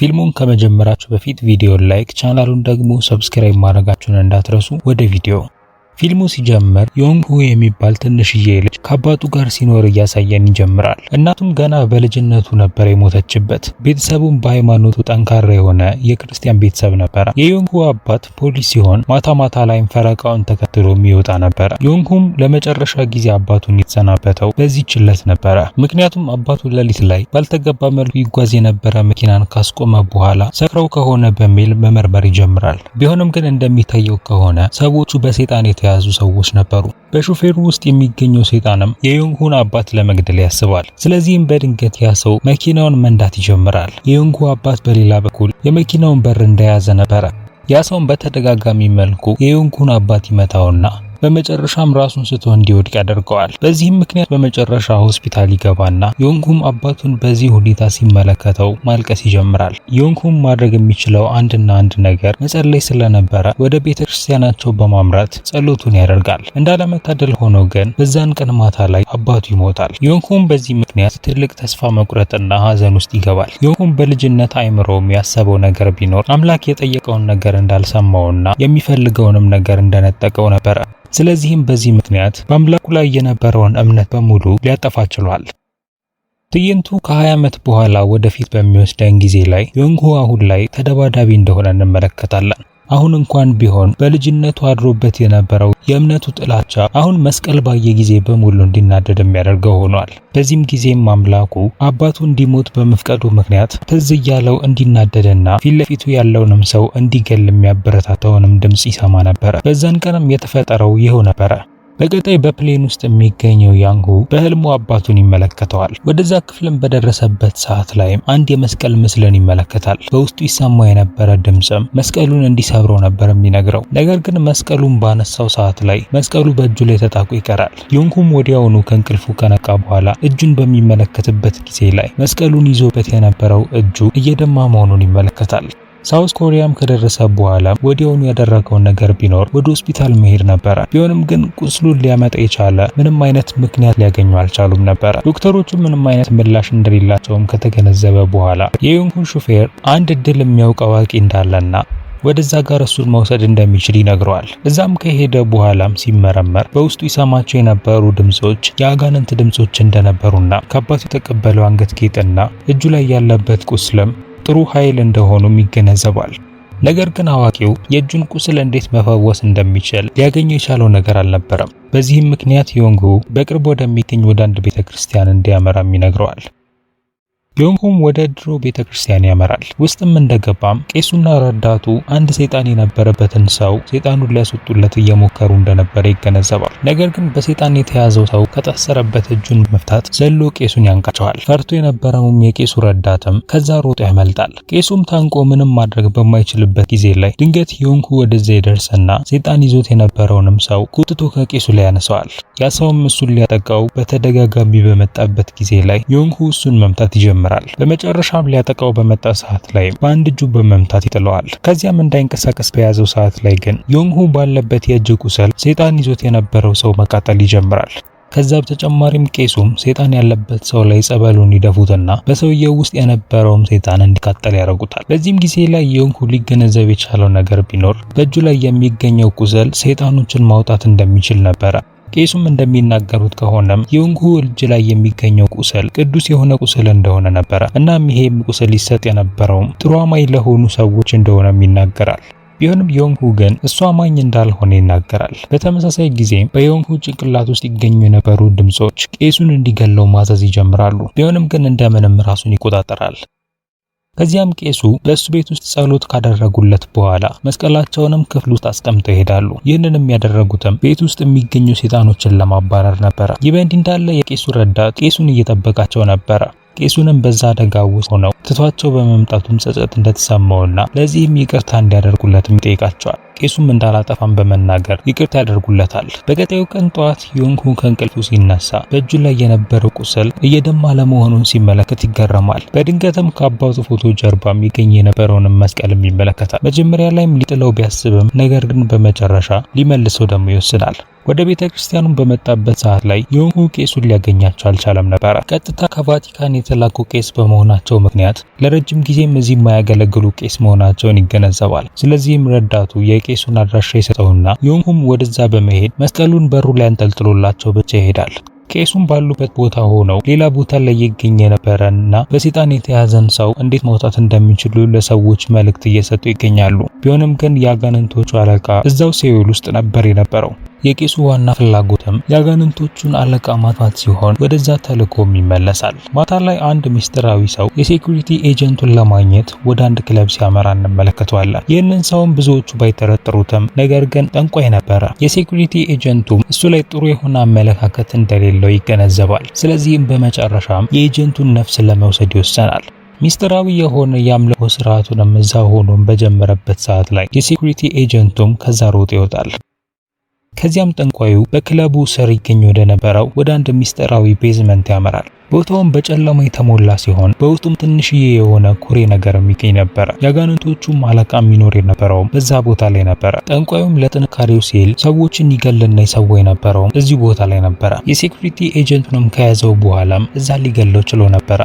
ፊልሙን ከመጀመራችሁ በፊት ቪዲዮን ላይክ፣ ቻናሉን ደግሞ ሰብስክራይብ ማድረጋችሁን እንዳትረሱ። ወደ ቪዲዮ ፊልሙ ሲጀምር ዮንግሁ የሚባል ትንሽዬ ልጅ ከአባቱ ጋር ሲኖር እያሳየን ይጀምራል። እናቱም ገና በልጅነቱ ነበር የሞተችበት። ቤተሰቡም በሃይማኖቱ ጠንካራ የሆነ የክርስቲያን ቤተሰብ ነበረ። የዮንግሁ አባት ፖሊስ ሲሆን ማታ ማታ ላይም ፈረቃውን ተከትሎ የሚወጣ ነበረ። ዮንግሁም ለመጨረሻ ጊዜ አባቱን የተሰናበተው በዚህ ችለት ነበረ። ምክንያቱም አባቱ ሌሊት ላይ ባልተገባ መልኩ ይጓዝ የነበረ መኪናን ካስቆመ በኋላ ሰክረው ከሆነ በሚል መመርመር ይጀምራል። ቢሆንም ግን እንደሚታየው ከሆነ ሰዎቹ በሴጣን የተያ የተያዙ ሰዎች ነበሩ። በሹፌሩ ውስጥ የሚገኘው ሰይጣንም የዩንጉን አባት ለመግደል ያስባል። ስለዚህም በድንገት ያ ሰው መኪናውን መንዳት ይጀምራል። የዩንጉ አባት በሌላ በኩል የመኪናውን በር እንደያዘ ነበረ። ያ በተደጋጋሚ መልኩ የዩንጉን አባት ይመታውና በመጨረሻም ራሱን ስቶ እንዲወድቅ ያደርገዋል። በዚህም ምክንያት በመጨረሻ ሆስፒታል ይገባና ዮንኩም አባቱን በዚህ ሁኔታ ሲመለከተው ማልቀስ ይጀምራል። ዮንኩም ማድረግ የሚችለው አንድና አንድ ነገር መጸለይ ስለነበረ ወደ ቤተ ክርስቲያናቸው በማምራት ጸሎቱን ያደርጋል። እንዳለመታደል ሆኖ ግን በዛን ቀን ማታ ላይ አባቱ ይሞታል። ዮንኩም በዚህ ምክንያት ትልቅ ተስፋ መቁረጥና ሀዘን ውስጥ ይገባል። ዮንኩም በልጅነት አይምሮም ያሰበው ነገር ቢኖር አምላክ የጠየቀውን ነገር እንዳልሰማውና የሚፈልገውንም ነገር እንደነጠቀው ነበረ። ስለዚህም በዚህ ምክንያት በአምላኩ ላይ የነበረውን እምነት በሙሉ ሊያጠፋ ችሏል። ትዕይንቱ ከ20 ዓመት በኋላ ወደፊት በሚወስደን ጊዜ ላይ ዮንግ አሁን ላይ ተደባዳቢ እንደሆነ እንመለከታለን። አሁን እንኳን ቢሆን በልጅነቱ አድሮበት የነበረው የእምነቱ ጥላቻ አሁን መስቀል ባየ ጊዜ በሙሉ እንዲናደድ የሚያደርገው ሆኗል። በዚህም ጊዜም አምላኩ አባቱ እንዲሞት በመፍቀዱ ምክንያት ትዝ እያለው እንዲናደድና ፊት ለፊቱ ያለውንም ሰው እንዲገል የሚያበረታተውንም ድምፅ ይሰማ ነበረ። በዛን ቀንም የተፈጠረው ይኸው ነበረ። በቀጣይ በፕሌን ውስጥ የሚገኘው ያንጉ በህልሙ አባቱን ይመለከተዋል። ወደዛ ክፍልም በደረሰበት ሰዓት ላይም አንድ የመስቀል ምስልን ይመለከታል። በውስጡ ይሰማ የነበረ ድምፅም መስቀሉን እንዲሰብረው ነበር የሚነግረው። ነገር ግን መስቀሉን ባነሳው ሰዓት ላይ መስቀሉ በእጁ ላይ ተጣቁ ይቀራል። ያንጉም ወዲያውኑ ከእንቅልፉ ከነቃ በኋላ እጁን በሚመለከትበት ጊዜ ላይ መስቀሉን ይዞበት የነበረው እጁ እየደማ መሆኑን ይመለከታል። ሳውስ ኮሪያም ከደረሰ በኋላ ወዲያውኑ ያደረገውን ነገር ቢኖር ወደ ሆስፒታል መሄድ ነበረ። ቢሆንም ግን ቁስሉን ሊያመጣ የቻለ ምንም አይነት ምክንያት ሊያገኙ አልቻሉም ነበረ። ዶክተሮቹ ምንም አይነት ምላሽ እንደሌላቸውም ከተገነዘበ በኋላ የዩንኩን ሹፌር አንድ እድል የሚያውቅ አዋቂ እንዳለና ወደዛ ጋር እሱን መውሰድ እንደሚችል ይነግረዋል። እዛም ከሄደ በኋላም ሲመረመር በውስጡ ይሰማቸው የነበሩ ድምጾች የአጋንንት ድምጾች እንደነበሩና ከአባቱ የተቀበለው አንገት ጌጥና እጁ ላይ ያለበት ቁስልም ጥሩ ኃይል እንደሆኑም ይገነዘባል። ነገር ግን አዋቂው የእጁን ቁስል እንዴት መፈወስ እንደሚችል ሊያገኘው የቻለው ነገር አልነበረም። በዚህም ምክንያት ዮንጉ በቅርብ ወደሚገኝ ወደ አንድ ቤተ ክርስቲያን እንዲያመራም ይነግረዋል። ሊዮንሆም ወደ ድሮ ቤተ ክርስቲያን ያመራል። ውስጥም እንደገባም ቄሱና ረዳቱ አንድ ሰይጣን የነበረበትን ሰው ሰይጣኑን ሊያስወጡለት እየሞከሩ እንደነበረ ይገነዘባል። ነገር ግን በሰይጣን የተያዘው ሰው ከታሰረበት እጁን መፍታት ዘሎ ቄሱን ያንቃቸዋል። ፈርቶ የነበረውም የቄሱ ረዳትም ከዛ ሮጦ ያመልጣል። ቄሱም ታንቆ ምንም ማድረግ በማይችልበት ጊዜ ላይ ድንገት ዮንኩ ወደዛ ይደርስና ሰይጣን ይዞት የነበረውንም ሰው ቁጥቶ ከቄሱ ላይ ያነሰዋል። ያ ሰውም እሱን ሊያጠቃው በተደጋጋሚ በመጣበት ጊዜ ላይ ዮንኩ እሱን መምታት ይጀምራል። ይጀምራል። በመጨረሻም ሊያጠቃው በመጣ ሰዓት ላይ በአንድ እጁ በመምታት ይጥለዋል። ከዚያም እንዳይንቀሳቀስ በያዘው ሰዓት ላይ ግን ዮንሁ ባለበት የእጅ ቁስል ሰይጣን ይዞት የነበረው ሰው መቃጠል ይጀምራል። ከዛ በተጨማሪም ቄሱም ሰይጣን ያለበት ሰው ላይ ጸበሉን ይደፉትና በሰውየው ውስጥ የነበረውም ሰይጣን እንዲቃጠል ያደርጉታል። በዚህም ጊዜ ላይ ዮንሁ ሊገነዘብ የቻለው ነገር ቢኖር በእጁ ላይ የሚገኘው ቁስል ሰይጣኖችን ማውጣት እንደሚችል ነበረ። ቄሱም እንደሚናገሩት ከሆነም የእንጉ እጅ ላይ የሚገኘው ቁስል ቅዱስ የሆነ ቁስል እንደሆነ ነበረ። እናም ይሄም ቁስል ሊሰጥ የነበረውም ጥሩ አማኝ ለሆኑ ሰዎች እንደሆነም ይናገራል። ቢሆንም ዮንኩ ግን እሱ አማኝ እንዳልሆነ ይናገራል። በተመሳሳይ ጊዜ በዮንኩ ጭንቅላት ውስጥ ይገኙ የነበሩ ድምጾች ቄሱን እንዲገለው ማዘዝ ይጀምራሉ። ቢሆንም ግን እንደምንም ራሱን ይቆጣጠራል። ከዚያም ቄሱ በእሱ ቤት ውስጥ ጸሎት ካደረጉለት በኋላ መስቀላቸውንም ክፍል ውስጥ አስቀምጠው ይሄዳሉ። ይህንንም ያደረጉትም ቤት ውስጥ የሚገኙ ሰይጣኖችን ለማባረር ነበረ። ይህ በእንዲህ እንዳለ የቄሱ ረዳት ቄሱን እየጠበቃቸው ነበረ። ቄሱንም በዛ አደጋ ውስጥ ሆነው ትቷቸው በመምጣቱም ጸጸት እንደተሰማውና ለዚህም ይቅርታ እንዲያደርጉለትም ይጠይቃቸዋል። ቄሱም እንዳላጠፋም በመናገር ይቅርታ ያደርጉለታል። በቀጣዩ ቀን ጠዋት ሁን ከእንቅልፉ ሲነሳ በእጁ ላይ የነበረው ቁስል እየደማ ለመሆኑን ሲመለከት ይገረማል። በድንገትም ከአባቱ ፎቶ ጀርባ የሚገኝ የነበረውንም መስቀልም ይመለከታል። መጀመሪያ ላይም ሊጥለው ቢያስብም ነገር ግን በመጨረሻ ሊመልሰው ደግሞ ይወስናል። ወደ ቤተ ክርስቲያኑን በመጣበት ሰዓት ላይ ዮንኩ ቄሱን ሊያገኛቸው አልቻለም ነበረ። ቀጥታ ከቫቲካን የተላኩ ቄስ በመሆናቸው ምክንያት ለረጅም ጊዜም እዚህ የማያገለግሉ ቄስ መሆናቸውን ይገነዘባል። ስለዚህም ረዳቱ የቄ የቄሱን አድራሻ ይሰጠውና ዮንኩም ወደዛ በመሄድ መስቀሉን በሩ ላይ አንጠልጥሎላቸው ብቻ ይሄዳል። ቄሱም ባሉበት ቦታ ሆነው ሌላ ቦታ ላይ ይገኝ የነበረና በሴጣን የተያዘን ሰው እንዴት መውጣት እንደሚችሉ ለሰዎች መልእክት እየሰጡ ይገኛሉ። ቢሆንም ግን የአጋንንቶቹ አለቃ እዛው ሲኦል ውስጥ ነበር የነበረው። የቄሱ ዋና ፍላጎትም የአጋንንቶቹን አለቃ ማጥፋት ሲሆን ወደዛ ተልእኮም ይመለሳል። ማታ ላይ አንድ ሚስጥራዊ ሰው የሴኩሪቲ ኤጀንቱን ለማግኘት ወደ አንድ ክለብ ሲያመራ እንመለከተዋለን። ይህንን ሰውም ብዙዎቹ ባይጠረጥሩትም ነገር ግን ጠንቋይ ነበረ። የሴኩሪቲ ኤጀንቱም እሱ ላይ ጥሩ የሆነ አመለካከት እንደሌለው ይገነዘባል። ስለዚህም በመጨረሻም የኤጀንቱን ነፍስ ለመውሰድ ይወሰናል። ሚስጥራዊ የሆነ የአምልኮ ስርዓቱንም እዛ ሆኖም በጀመረበት ሰዓት ላይ የሴኩሪቲ ኤጀንቱም ከዛ ሮጥ ይወጣል። ከዚያም ጠንቋዩ በክለቡ ስር ይገኝ ወደ ነበረው ወደ አንድ ሚስጥራዊ ቤዝመንት ያመራል። ቦታውም በጨለማ የተሞላ ሲሆን በውስጡም ትንሽዬ የሆነ ኩሬ ነገር የሚገኝ ነበረ። የአጋንንቶቹም አለቃ የሚኖር የነበረውም በዛ ቦታ ላይ ነበረ። ጠንቋዩም ለጥንካሬው ሲል ሰዎችን ይገልና ይሰዋ የነበረውም እዚሁ ቦታ ላይ ነበረ። የሴኩሪቲ ኤጀንቱንም ከያዘው በኋላም እዛ ሊገለው ችሎ ነበረ።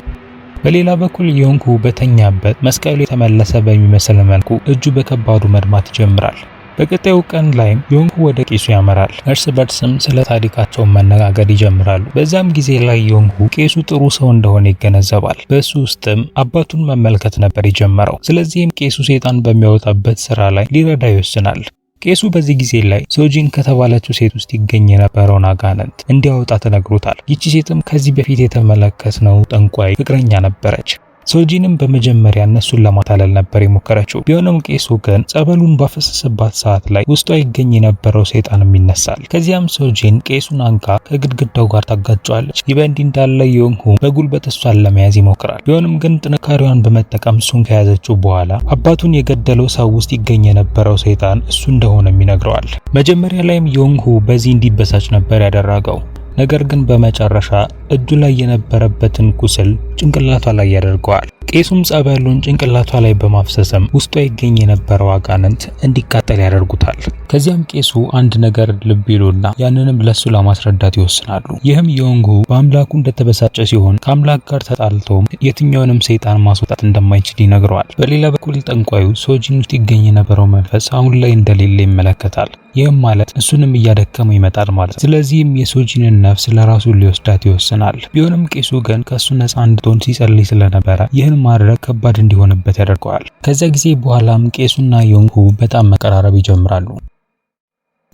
በሌላ በኩል ዮንኩ በተኛበት መስቀሉ የተመለሰ በሚመስል መልኩ እጁ በከባዱ መድማት ይጀምራል። በቀጣዩ ቀን ላይም ዮንግ ወደ ቄሱ ያመራል። እርስ በርስም ስለ ታሪካቸውን መነጋገር ይጀምራሉ። በዛም ጊዜ ላይ ዮንጉ ቄሱ ጥሩ ሰው እንደሆነ ይገነዘባል። በሱ ውስጥም አባቱን መመልከት ነበር የጀመረው። ስለዚህም ቄሱ ሴጣን በሚያወጣበት ስራ ላይ ሊረዳ ይወስናል። ቄሱ በዚህ ጊዜ ላይ ሶጂን ከተባለችው ሴት ውስጥ ይገኝ የነበረውን አጋንንት እንዲያወጣ ተነግሮታል። ይቺ ሴትም ከዚህ በፊት የተመለከትነው ጠንቋይ ፍቅረኛ ነበረች። ሶልጂንም በመጀመሪያ እነሱን ለማታለል ነበር የሞከረችው። ቢሆንም ቄሱ ግን ጸበሉን ባፈሰሰባት ሰዓት ላይ ውስጧ ይገኝ የነበረው ሰይጣንም ይነሳል። ከዚያም ሶልጂን ቄሱን አንቃ ከግድግዳው ጋር ታጋጫለች ይህ በእንዲህ እንዳለ ዮንሁ በጉልበት እሷን ለመያዝ ይሞክራል። ቢሆንም ግን ጥንካሬዋን በመጠቀም እሱን ከያዘችው በኋላ አባቱን የገደለው ሰው ውስጥ ይገኝ የነበረው ሰይጣን እሱ እንደሆነም ይነግረዋል። መጀመሪያ ላይም ዮንሁ በዚህ እንዲበሳጭ ነበር ያደረገው። ነገር ግን በመጨረሻ እጁ ላይ የነበረበትን ቁስል ጭንቅላቷ ላይ ያደርገዋል። ቄሱም ጸበሉን ጭንቅላቷ ላይ በማፍሰስም ውስጧ ይገኝ የነበረው አጋንንት እንዲቃጠል ያደርጉታል። ከዚያም ቄሱ አንድ ነገር ልብ ይሉና ያንንም ለሱ ለማስረዳት ይወስናሉ። ይህም ዮንጉ በአምላኩ እንደተበሳጨ ሲሆን ከአምላክ ጋር ተጣልቶም የትኛውንም ሰይጣን ማስወጣት እንደማይችል ይነግረዋል። በሌላ በኩል ጠንቋዩ ሶጂን ውስጥ ይገኝ የነበረው መንፈስ አሁን ላይ እንደሌለ ይመለከታል። ይህም ማለት እሱንም እያደከመው ይመጣል ማለት። ስለዚህም የሶጂንን ነፍስ ለራሱ ሊወስዳት ይወስናል። ቢሆንም ቄሱ ግን ከእሱ ነፃ እንድትሆን ሲጸልይ ስለነበረ ይህን ማድረግ ከባድ እንዲሆንበት ያደርገዋል። ከዚያ ጊዜ በኋላም ቄሱና ዮንግሁ በጣም መቀራረብ ይጀምራሉ።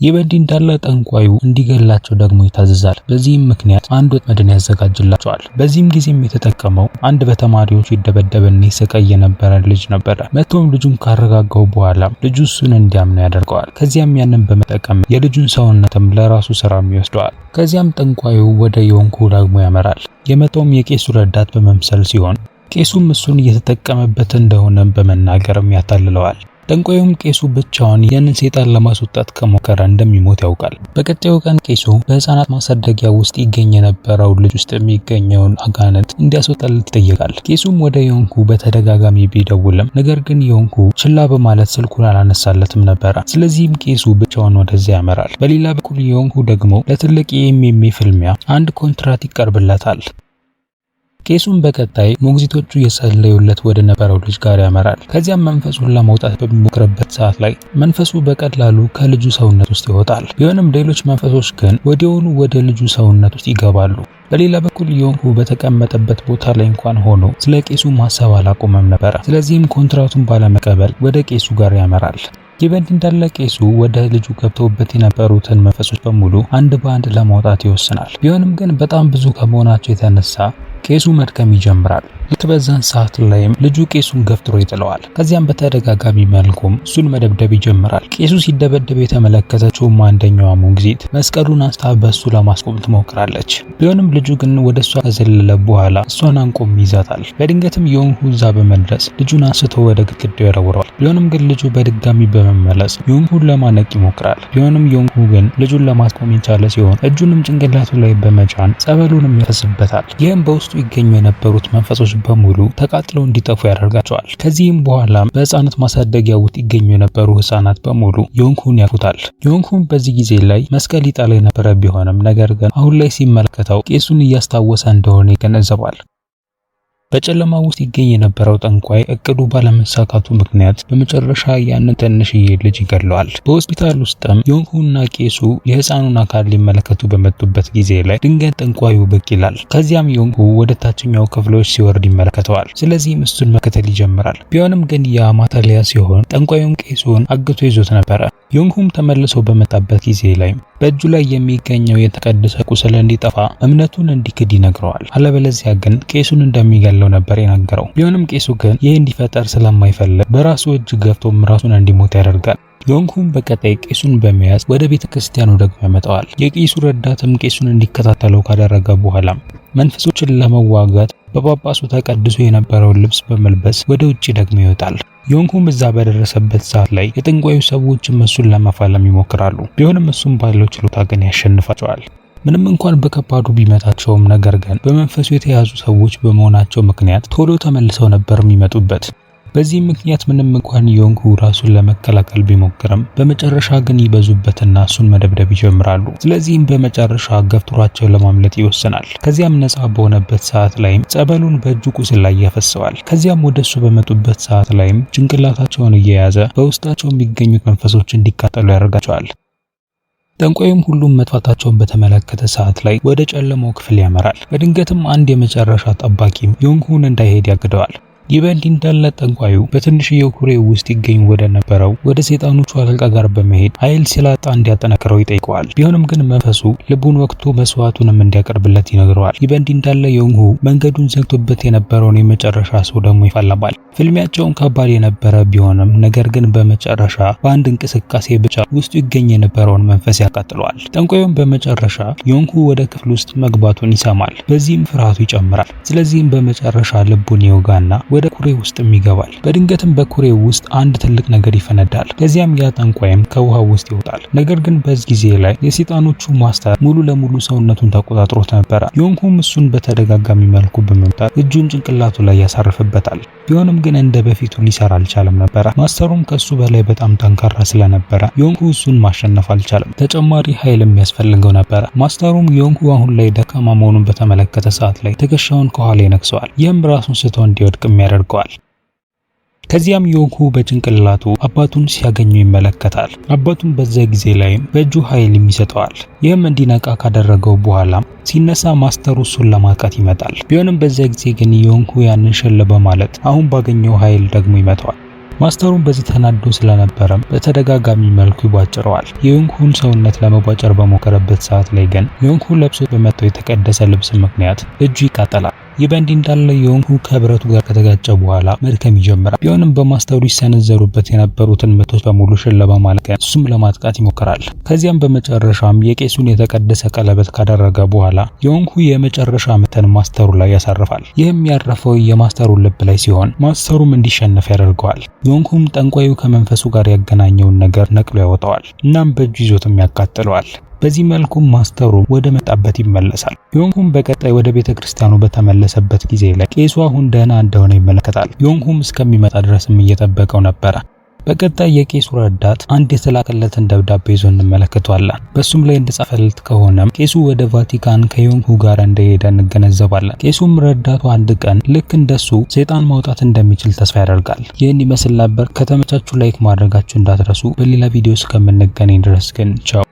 ይህ በእንዲህ እንዳለ ጠንቋዩ እንዲገላቸው ደግሞ ይታዘዛል። በዚህም ምክንያት አንድ ወጥመድን ያዘጋጅላቸዋል። በዚህም ጊዜም የተጠቀመው አንድ በተማሪዎች ይደበደብና ይሰቃይ የነበረ ልጅ ነበረ። መቶም ልጁን ካረጋጋው በኋላ ልጁ እሱን እንዲያምነው ያደርገዋል። ከዚያም ያንን በመጠቀም የልጁን ሰውነትም ለራሱ ስራም ይወስደዋል። ከዚያም ጠንቋዩ ወደ ዮንኩ ደግሞ ያመራል። የመጣውም የቄሱ ረዳት በመምሰል ሲሆን ቄሱም እሱን እየተጠቀመበት እንደሆነ በመናገርም ያታልለዋል። ጠንቋዩም ቄሱ ብቻውን ያንን ሴጣን ለማስወጣት ከሞከረ እንደሚሞት ያውቃል። በቀጣዩ ቀን ቄሱ በህፃናት ማሳደጊያ ውስጥ ይገኝ የነበረው ልጅ ውስጥ የሚገኘውን አጋንንት እንዲያስወጣለት ይጠየቃል። ቄሱም ወደ ዮንኩ በተደጋጋሚ ቢደውልም ነገር ግን ዮንኩ ችላ በማለት ስልኩን አላነሳለትም ነበረ። ስለዚህም ቄሱ ብቻውን ወደዚያ ያመራል። በሌላ በኩል ዮንኩ ደግሞ ለትልቅ የኤምኤምኤ ፍልሚያ አንድ ኮንትራት ይቀርብለታል። ቄሱም በቀጣይ ሞግዚቶቹ የጸለዩለት ወደ ነበረው ልጅ ጋር ያመራል። ከዚያም መንፈሱን ለማውጣት በሚሞክርበት ሰዓት ላይ መንፈሱ በቀላሉ ከልጁ ሰውነት ውስጥ ይወጣል። ቢሆንም ሌሎች መንፈሶች ግን ወዲያውኑ ወደ ልጁ ሰውነት ውስጥ ይገባሉ። በሌላ በኩል ዮንኩ በተቀመጠበት ቦታ ላይ እንኳን ሆኖ ስለ ቄሱ ማሰብ አላቆመም ነበረ። ስለዚህም ኮንትራቱን ባለመቀበል ወደ ቄሱ ጋር ያመራል። ይበንድ እንዳለ ቄሱ ወደ ልጁ ገብተውበት የነበሩትን መንፈሶች በሙሉ አንድ በአንድ ለማውጣት ይወስናል። ቢሆንም ግን በጣም ብዙ ከመሆናቸው የተነሳ kesumat kami jambrat. በዛን ሰዓት ላይም ልጁ ቄሱን ገፍትሮ ይጥለዋል። ከዚያም በተደጋጋሚ መልኩም እሱን መደብደብ ይጀምራል። ቄሱ ሲደበደብ የተመለከተችውም አንደኛዋ ሞግዚት መስቀሉን አንስታ በእሱ ለማስቆም ትሞክራለች። ቢሆንም ልጁ ግን ወደ እሷ ከዘለለ በኋላ እሷን አንቆም ይዛታል። በድንገትም ዮንሁ እዛ በመድረስ ልጁን አንስቶ ወደ ግድግዳው ይወረውረዋል። ቢሆንም ግን ልጁ በድጋሚ በመመለስ ዮንሁን ለማነቅ ይሞክራል። ቢሆንም ዮንሁ ግን ልጁን ለማስቆም የቻለ ሲሆን እጁንም ጭንቅላቱ ላይ በመጫን ጸበሉንም ያፈስበታል። ይህም በውስጡ ይገኙ የነበሩት መንፈሶች በሙሉ ተቃጥለው እንዲጠፉ ያደርጋቸዋል። ከዚህም በኋላ በህፃናት ማሳደጊያ ውስጥ ይገኙ የነበሩ ህፃናት በሙሉ ዮንኩን ያፉታል። ዮንኩን በዚህ ጊዜ ላይ መስቀል ይጣል የነበረ ቢሆንም ነገር ግን አሁን ላይ ሲመለከተው ቄሱን እያስታወሰ እንደሆነ ይገነዘባል። በጨለማ ውስጥ ይገኝ የነበረው ጠንቋይ እቅዱ ባለመሳካቱ ምክንያት በመጨረሻ ያንን ትንሽዬ ልጅ ይገለዋል። በሆስፒታል ውስጥም ዮንሁና ቄሱ የህፃኑን አካል ሊመለከቱ በመጡበት ጊዜ ላይ ድንገት ጠንቋዩ ብቅ ይላል። ከዚያም ዮንሁ ወደ ታችኛው ክፍሎች ሲወርድ ይመለከተዋል። ስለዚህም እሱን መከተል ይጀምራል። ቢሆንም ግን ያ ማታሊያ ሲሆን ጠንቋዩም ቄሱን አግቶ ይዞት ነበረ። ዮንሁም ተመልሶ በመጣበት ጊዜ ላይ በእጁ ላይ የሚገኘው የተቀደሰ ቁስል እንዲጠፋ እምነቱን እንዲክድ ይነግረዋል። አለበለዚያ ግን ቄሱን እንደሚገል እንደሌለው ነበር የነገረው። ቢሆንም ቄሱ ግን ይህ እንዲፈጠር ስለማይፈልግ በራሱ እጅ ገፍቶ ራሱን እንዲሞት ያደርጋል። ዮንኩም በቀጣይ ቄሱን በመያዝ ወደ ቤተ ክርስቲያኑ ደግሞ ያመጣዋል። የቄሱ ረዳትም ቄሱን እንዲከታተለው ካደረገ በኋላም መንፈሶችን ለመዋጋት በጳጳሱ ተቀድሶ የነበረውን ልብስ በመልበስ ወደ ውጭ ደግሞ ይወጣል። ዮንኩም እዛ በደረሰበት ሰዓት ላይ የጥንቋዩ ሰዎችም እሱን ለመፋለም ይሞክራሉ። ቢሆንም እሱም ባለው ችሎታ ግን ያሸንፋቸዋል። ምንም እንኳን በከባዱ ቢመታቸውም ነገር ግን በመንፈሱ የተያዙ ሰዎች በመሆናቸው ምክንያት ቶሎ ተመልሰው ነበር የሚመጡበት። በዚህም ምክንያት ምንም እንኳን ዮንግ ራሱን ለመከላከል ቢሞክርም በመጨረሻ ግን ይበዙበትና እሱን መደብደብ ይጀምራሉ። ስለዚህም በመጨረሻ ገፍትሯቸው ለማምለጥ ይወስናል። ከዚያም ነፃ በሆነበት ሰዓት ላይም ጸበሉን በእጁ ቁስል ላይ ያፈሰዋል። ከዚያም ወደ እሱ በመጡበት ሰዓት ላይም ጭንቅላታቸውን እየያዘ በውስጣቸው የሚገኙት መንፈሶች እንዲቃጠሉ ያደርጋቸዋል። ጠንቋዩም ሁሉም መጥፋታቸውን በተመለከተ ሰዓት ላይ ወደ ጨለማው ክፍል ያመራል። በድንገትም አንድ የመጨረሻ ጠባቂ ዮንግሁን እንዳይሄድ ያግደዋል። ይህ በእንዲህ እንዳለ ጠንቋዩ በትንሽዬው ኩሬ ውስጥ ይገኝ ወደ ነበረው ወደ ሰይጣኖቹ አለቃ ጋር በመሄድ ኃይል ስላጣ እንዲያጠናክረው ይጠይቀዋል። ቢሆንም ግን መንፈሱ ልቡን ወቅቶ መስዋዕቱንም እንዲያቀርብለት ይነግረዋል። ይህ በእንዲህ እንዳለ ዮንሁ መንገዱን ዘግቶበት የነበረውን የመጨረሻ ሰው ደግሞ ይፋለማል። ፍልሚያቸውን ከባድ የነበረ ቢሆንም ነገር ግን በመጨረሻ በአንድ እንቅስቃሴ ብቻ ውስጡ ይገኝ የነበረውን መንፈስ ያቃጥለዋል። ጠንቋዩም በመጨረሻ ዮንሁ ወደ ክፍል ውስጥ መግባቱን ይሰማል። በዚህም ፍርሃቱ ይጨምራል። ስለዚህም በመጨረሻ ልቡን ይወጋና ወደ ኩሬ ውስጥም ይገባል። በድንገትም በኩሬ ውስጥ አንድ ትልቅ ነገር ይፈነዳል። ከዚያም ያ ጠንቋይም ከውሃ ውስጥ ይወጣል። ነገር ግን በዚህ ጊዜ ላይ የሴጣኖቹ ማስተር ሙሉ ለሙሉ ሰውነቱን ተቆጣጥሮት ነበረ። ዮንኩም እሱን በተደጋጋሚ መልኩ በመምጣት እጁን ጭንቅላቱ ላይ ያሳርፍበታል። ቢሆንም ግን እንደ በፊቱ ሊሰራ አልቻለም ነበረ። ማስተሩም ከሱ በላይ በጣም ጠንካራ ስለነበረ ዮንኩ እሱን ማሸነፍ አልቻለም። ተጨማሪ ኃይልም ያስፈልገው ነበረ። ማስተሩም ዮንሁ አሁን ላይ ደካማ መሆኑን በተመለከተ ሰዓት ላይ ትከሻውን ከኋላ ይነክሰዋል። ይህም ራሱን ስቶ እንዲወድቅ ያደርገዋል። ከዚያም ዮንኩ በጭንቅላቱ አባቱን ሲያገኘው ይመለከታል። አባቱን በዛ ጊዜ ላይም በእጁ ኃይል ይሰጠዋል። ይህም እንዲነቃ ካደረገው በኋላም ሲነሳ ማስተሩ እሱን ለማጥቃት ይመጣል። ቢሆንም በዛ ጊዜ ግን ዮንኩ ያንን ሸል በማለት አሁን ባገኘው ኃይል ደግሞ ይመታዋል። ማስተሩን በዚህ ተናዶ ስለነበረም በተደጋጋሚ መልኩ ይቧጭረዋል። የዮንኩን ሰውነት ለመቧጨር በሞከረበት ሰዓት ላይ ግን ዮንኩ ለብሶ በመጣው የተቀደሰ ልብስ ምክንያት እጁ ይቃጠላል። ይህ በእንዲህ እንዳለ ዮንግ ከብረቱ ጋር ከተጋጨ በኋላ መድከም ይጀምራል። ቢሆንም በማስተውሉ ይሰነዘሩበት የነበሩትን ምቶች በሙሉ ሽለ ማለቀ እሱም ለማጥቃት ይሞክራል። ከዚያም በመጨረሻም የቄሱን የተቀደሰ ቀለበት ካደረገ በኋላ ዮንግ የመጨረሻ ምትን ማስተሩ ላይ ያሳርፋል። ይህም ያረፈው የማስተሩ ልብ ላይ ሲሆን ማስተሩም እንዲሸነፍ ያደርገዋል። ዮንግ ጠንቋዩ ከመንፈሱ ጋር ያገናኘውን ነገር ነቅሎ ያወጣዋል። እናም በእጁ ይዞትም ያቃጥለዋል። በዚህ መልኩም ማስተሩ ወደ መጣበት ይመለሳል። ዮንሁም በቀጣይ ወደ ቤተ ክርስቲያኑ በተመለሰበት ጊዜ ላይ ቄሱ አሁን ደህና እንደሆነ ይመለከታል። ዮንሁም እስከሚመጣ ድረስም እየጠበቀው ነበረ። በቀጣይ የቄሱ ረዳት አንድ የተላከለትን ደብዳቤ ይዞ እንመለከተዋለን። በሱም ላይ እንደጻፈለት ከሆነም ቄሱ ወደ ቫቲካን ከዮንሁ ጋር እንደሄደ እንገነዘባለን። ቄሱም ረዳቱ አንድ ቀን ልክ እንደሱ ሰይጣን ማውጣት እንደሚችል ተስፋ ያደርጋል። ይህን ይመስል ነበር። ከተመቻችሁ ላይክ ማድረጋችሁ እንዳትረሱ። በሌላ ቪዲዮ እስከምንገናኝ ድረስ ግን ቻው።